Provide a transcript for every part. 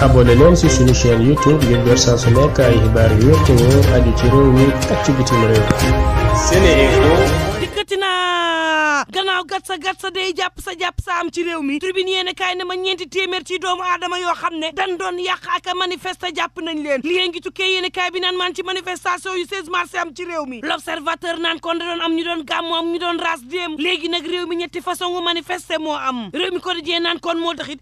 abonné leen ci suñu chaîne youtube ngir jot saa ay xibaar yu wér te ci réew mi ak ci bitim gannaaw gat sa gat sa day jàpp sa jàpp sa am ci réew mi tribune yéene kaay ne ma ñeenti téeméer ci ne dan doon yàq ak nañ leen liyée ngi tukkee yéene kaay bi naan maan ci manifestation yu 16 mars am ci réew nag réew mi ñetti façon gu moo am réew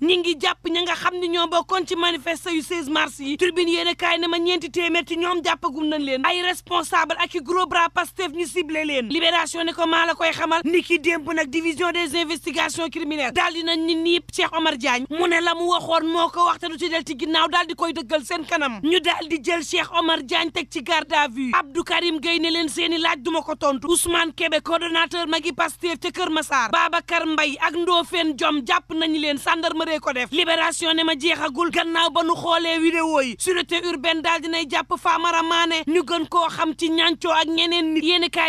mi ngi jàpp ña nga xam ne ñoo bokkoon ci manifester yu 16 mars yi ñoom jàppagum nañ leen ay responsable ak i gros bras Pastef ñu ciblé leen libération ne ko maa la koy xamal niki démb nag division des investigations criminelles daal di nañ nit Omar Diagne mu ne la mu waxoon moo ko wax te du ci del ci ginnaaw daal di koy dëggal seen kanam ñu daal di jël Cheikh Omar Diagne teg ci garde à vue Abdou Karim Gueye ne leen seeni laaj duma ko tontu Ousmane Kébé coordonnateur magi Pastef ca Kër Massar Babacar Mbaye ak Ndofène Diom jàpp nañu leen sandarmëree ko def libération ne ma jeexagul gannaaw ba nu xoolee vidéo yi sûreté urbaine daal jàpp Famara Mané ñu gën koo xam ci ñancoo ak ñeneen nit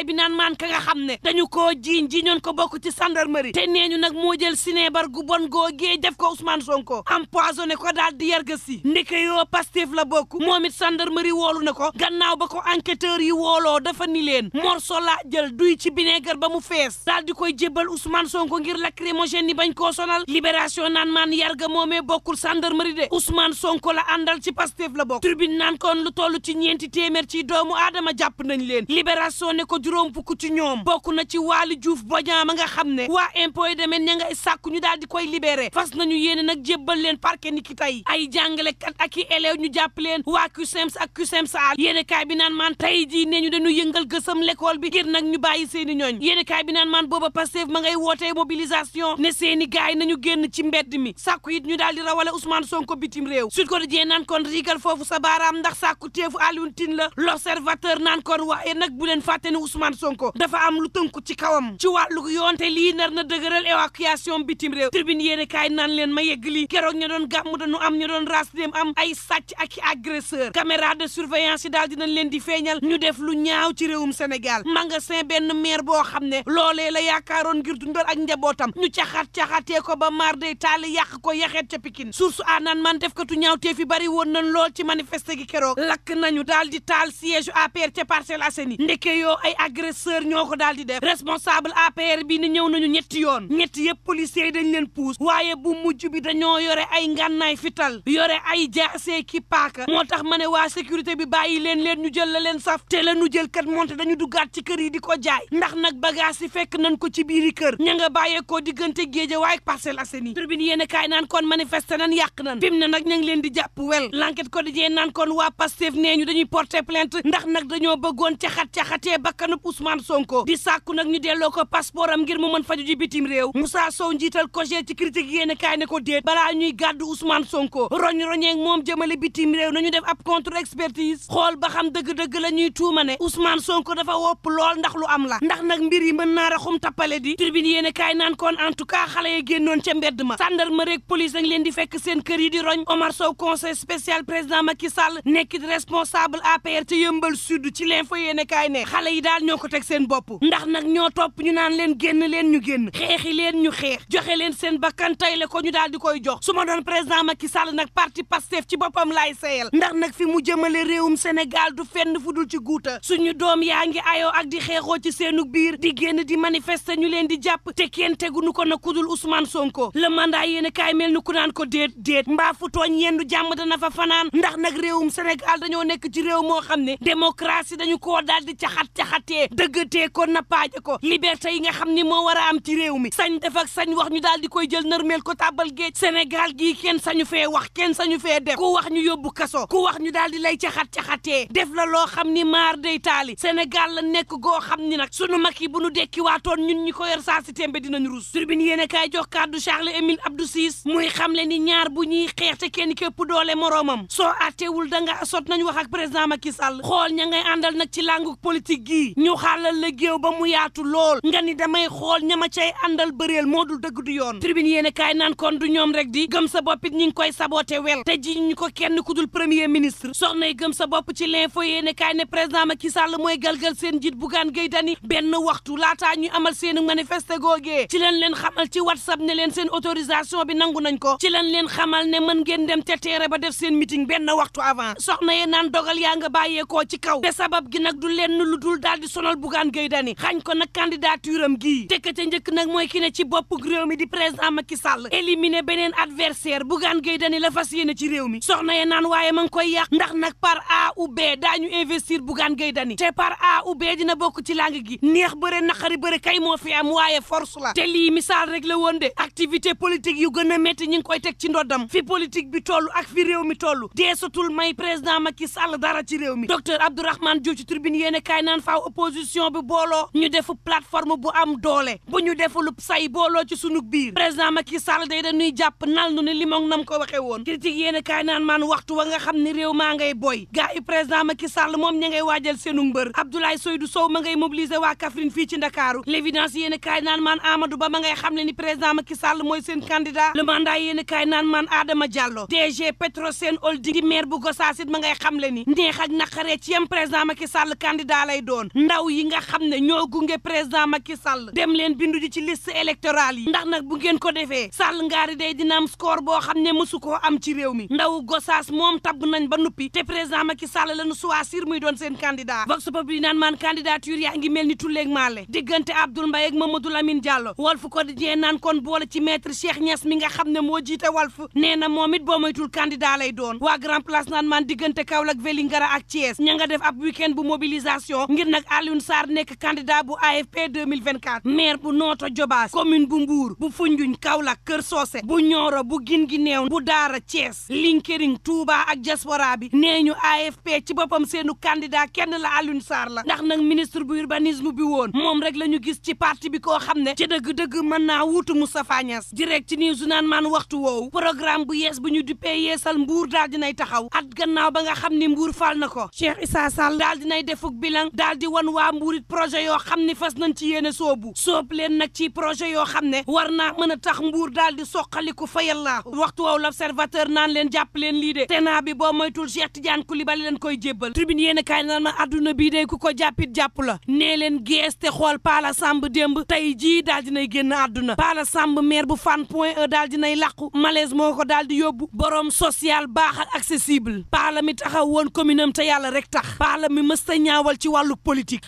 bi naan maan ka xam ne dañu koo jiiñ jiñoon ko bokk ci gendarmerie te nee ñu nag moo jël sinébar gu bon googee def ko Ousmane Sonko empoisonné ko daal di yarga si ndeke yoo Pastef la bokk moom it gendarmerie woolu na ko gannaaw ba ko enquêteur yi wooloo dafa ni leen morso laa jël duy ci bineegar ba mu fees daal di koy jébbal Ousmane Sonko ngir lacrymogène yi bañ koo sonal libération naan maan yarga moomee bokkul gendarmerie de Ousmane Sonko la àndal ci Pastef la bokk tribune naan kon lu toll ci ñeenti téeméer ci doomu aadama jàpp nañ leen libération ne ko juróom fukk ci ñoom bokk na ci Waly Diouf ma nga xam ne waa impôt yi demee ña ngay ñu daal di koy libéré fas nañu yéene nag jébbal leen parquet ni ki tey ay jàngalekat ak i élève ñu jàpp leen waa CUSEMS ak CUSEMS al yéene kaay bi naan maan tey jii ne ñu dañu yëngal gësam l'école bi ngir nag ñu bàyyi seeni ñooñ yéene kaay bi naan maan booba Pastef ma ngay wootee mobilisation ne seeni gaay nañu génn ci mbedd mi sàkku it ñu daal di rawale Ousmane Sonko bitim réew Sud Quotidien naan kon riigal foofu sa baaraam ndax sàkku teefu Alioune Tine la l'observateur naan kon waaye nag bu leen fàtte ne Ousmane Sonko dafa am lu tënku ci kawam ci wàllu yoon lii nar na dëgëral évacuation bitim réew tribune yéen kaay nan leen ma yegg lii keroog ñu doon gàmm dañu am ñu doon ras dem am ay sàcc ak agresseur caméra de surveillance yi daal dinañ leen di feeñal ñu def lu ñaaw ci réewum senegal Sénégal magasin benn maire boo xam ne loole la yaakaaroon ngir dundal ak njabootam ñu caxat caxatee ko ba maar day yàq ko yaxeet ca Pikine source nan man def katu ñaaw te fi bari woon nañ lool ci manifeste gi keroog lakk nañu daal di taal siège APR ca Parcelles Assainies ndeke yoo ay agresseur ñoo ko daal di def responsable APR bi ni ñëw nañu ñetti yoon ñetti yëpp policiers yi dañ leen puus waaye bu mujj bi dañoo yore ay ngànnaay fital yore ay jaasee ki paaka moo tax ma ne waa sécurité bi bàyyi leen leen ñu jël la leen saf te la ñu jël kat moonte dañu duggaat ci kër yi di ko jaay ndax nag bagage yi fekk nañ ko ci biir i kër ña nga bàyyeekoo diggante Guédiawaye ak Parcelles Assainies turbine yéen a kaay naan kon manifester nan yàq nan fi mu nag ña ngi leen di jàpp wel l'enquête quotidien naan kon waa Pastef nee ñu dañuy porter plainte ndax nag dañoo bëggoon caxat caxatee bakkanub Ousmane Sonko di sàkku nag ñu delloo ko passeport am ngir mu mën faju ji bitim réew Moussa Sow njiital COJER ci critique yéen kaay ne ko déet balaa ñuy gàddu Ousmane Sonko roñ roñeeg moom jëmale bitim réew nañu def ab contre expertise xool ba dëgg-dëgg la ñuy tuuma ne Ousmane Sonko dafa wopp lool ndax lu am la ndax nag mbir yi mën naa raxum tappale di tribune yéen kaay naan kon en tout cas xale yi génnoon ca ma rek police dañ leen di fekk seen kër yi di roñ Omar Sow conseil spécial président Macky Sall nekkit responsable APR ca yëmbal sud ci l'info yéen kaay ne xale yi daal ñoo ko teg seen bopp ndax nag ñoo topp ñu génn leen ñu génn xeexi leen ñu xeex joxe leen seen bakkan tey ko ñu daal di koy jox su ma doon président Macky Sall nag parti Pastef ci boppam laay seeyal ndax nag fi mu jëmale réewum Sénégal du fenn fu dul ci guuta suñu doom yaa ngi ayoo ak di xeexoo ci seenu biir di génn di manifester ñu leen di jàpp te kenn tegunu ko na kudul Ousmane Sonko le mandat yéen kaay mel ni ku naan ko déet déet mbaa fu tooñ yendu jàmm dana fa fanaan ndax nag réewum Sénégal dañoo nekk ci réew moo xam ne démocratie dañu koo daal di caxat caxatee dëggatee ko napaaje ko liberté yi nga xam xam ni war a am ci réew mi sañ def ak sañ wax ñu daal di koy jël nërmeel ko tàbbal géej Sénégal gii kenn sañu fee wax kenn sañu fee def ku wax ñu yóbbu kaso ku wax ñu daal di lay caxat caxatee def la loo xam ni maar day taali Sénégal la nekk goo xam ni nag sunu mag yi bu nu dekki waatoon ñun ñi ko yor saa si tembe dinañ rus turbine yéen kaay jox kàddu Charles Émile Abdou Ciss muy le ni ñaar bu ñuy xeex te kenn képp doole moroomam soo àtteewul da sot nañu wax ak président Macky Sall xool ña ngay àndal nag ci làngu politique gii ñu xaalal la géew ba mu yaatu lool nga ni dama damay xool ñama cay àndal bëreel moo dul dëgg du yoon tribune yéen kaay naan kon du ñoom rek di gëm sa bopp it ngi koy saboté wel te ji ñu ko kenn ku dul premier ministre soxna yi gëm sa bopp ci l'info yéen kaay ne président Macky Sall mooy galgal seen njiit Bougane Gueye Dany benn waxtu laataa ñuy amal seen manifeste googee ci leen leen xamal ci whatsapp ne leen seen autorisation bi nangu nañ ko ci leen leen xamal ne mën ngeen dem te teere ba def seen meeting benn waxtu avant soxna yee naan dogal yaa nga bàyyeekoo ci kaw te sabab gi nag du leen lu dul daal di sonal Bougane Gueye Dany xañ ko nag candidature gi gii tekkate njëkk nag mooy ki ne ci bopp réew mi di président Macky Sall éliminer beneen adversaire Bougane Gueye Dany la fas yéene ci réew mi soxna ye naan waaye ma koy yàq ndax nag par A ou B daañu investir Bougane Gueye te par A ou B dina bokk ci làng gi neex bëre naqari bëre kay moo fi am waaye force la te lii misaal rek la woon de activité politique yu gën a métti ñi ngi koy teg ci ndoddam fi politique bi toll ak fi réew mi toll deesatul may président Macky Sall ci réew mi docteur Abdourahmane Diouf ci tribune yéene kaay naan bi booloo ñu def plateforme doole bu ñu defalub say booloo ci sunu biir président Macky Sall day dañuy jàpp nal nu ne limoŋ nam ko waxee woon critique yéen kaay naan maan waxtu wa nga xam ne réew maa ngay boy gaa yi président Macky Sall moom ña ngay waajal seenu mbër Abdoulaye Seydou Sow ma ngay mobiliser waa Kaffrine fii ci Ndakaaru l'évidence yéen naan maan Amadou Ba ma ngay xam ne ni président Sall mooy seen candidat le mandat yéen kaay naan maan Adama Diallo DG Petrosen Holding di maire bu Gossas ma ngay xam le ni neex ak naqaree ci yem président Macky Sall candidat lay doon ndaw yi nga xam ne ñoo nge président Macky Sall Sall dem leen bindu ji ci liste électorale yi ndax nag bu ngeen ko defee Sall ngaari day dina am score boo xam ne mësu koo am ci réew mi ndaw Gosaas moom tabb nañ ba nuppi te président Macky Sall lañu choisir muy doon seen candidat vox populi naan maan candidature yaa ngi mel ni tulleeg maale diggante Abdoul Mbaye ak Mamadou Lamine Diallo Walf Quotidien naan kon boole ci maître Cheikh Niass mi nga xam ne moo jiite Walf nee na moom it boo moytul candidat lay doon waa Grand Place naan maan diggante Kaolack Vélingara nga def ab week-end bu mobilisation ngir nag Alioune Sarr nekk candidat bu AFP 2024 Dakar maire bu Notto Diobass commune bu Mbour bu Foundiougne Kaolack Kër Socé bu Nioro bu Guinguinéo bu Daara Thiès Linkering Touba ak diaspora bi nee ñu AFP ci boppam seenu candidat kenn la Alioune Sarr la ndax nag ministre bu urbanisme bi woon moom rek la ñu gis ci parti bi ko xam ne ci dëgg-dëgg man naa wuutu Moustapha Niasse direct ci news naan maan waxtu woowu programme bu yees bu ñu duppee yeesal Mbour daal dinay taxaw at gannaaw ba nga xam ni Mbour fal na ko Cheikh Issa Sall daal dinay defuk bilan daal di yóbbu soob leen nag ci projet yoo xam ne war na mën a tax mbuur daal di soqaliku fayal laa waxtu woow l'observateur naan leen jàpp leen lii de tena bi boo moytul Cheikh Tidiane Koulibaly leen koy jébbal tribune yéen kaay naan ma adduna bii de ku ko jàppit jàpp la nee leen gees te xool Pala sàmb demb tey jii daal nay génn àdduna Pala sàmb maire bu Fann Point E daal dinay làqu malaise moo ko daal di yóbbu borom social baax ak accessible Pala mi taxaw woon commune am yàlla rek ta ñaawal ci wàllu politique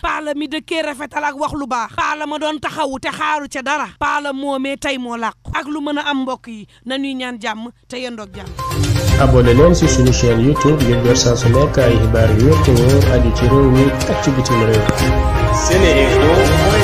doon taxawu te xaaru ca dara paala moomee tey moo làqu ak lu mën a am mbokk yi nañuy ñaan jàmm te yendoog jàmm abonné leen ci suñu chaîne youtube ngir door saa su nekk ay xibaar yu wér te wóor aju ci réew mi ak ci bitim réew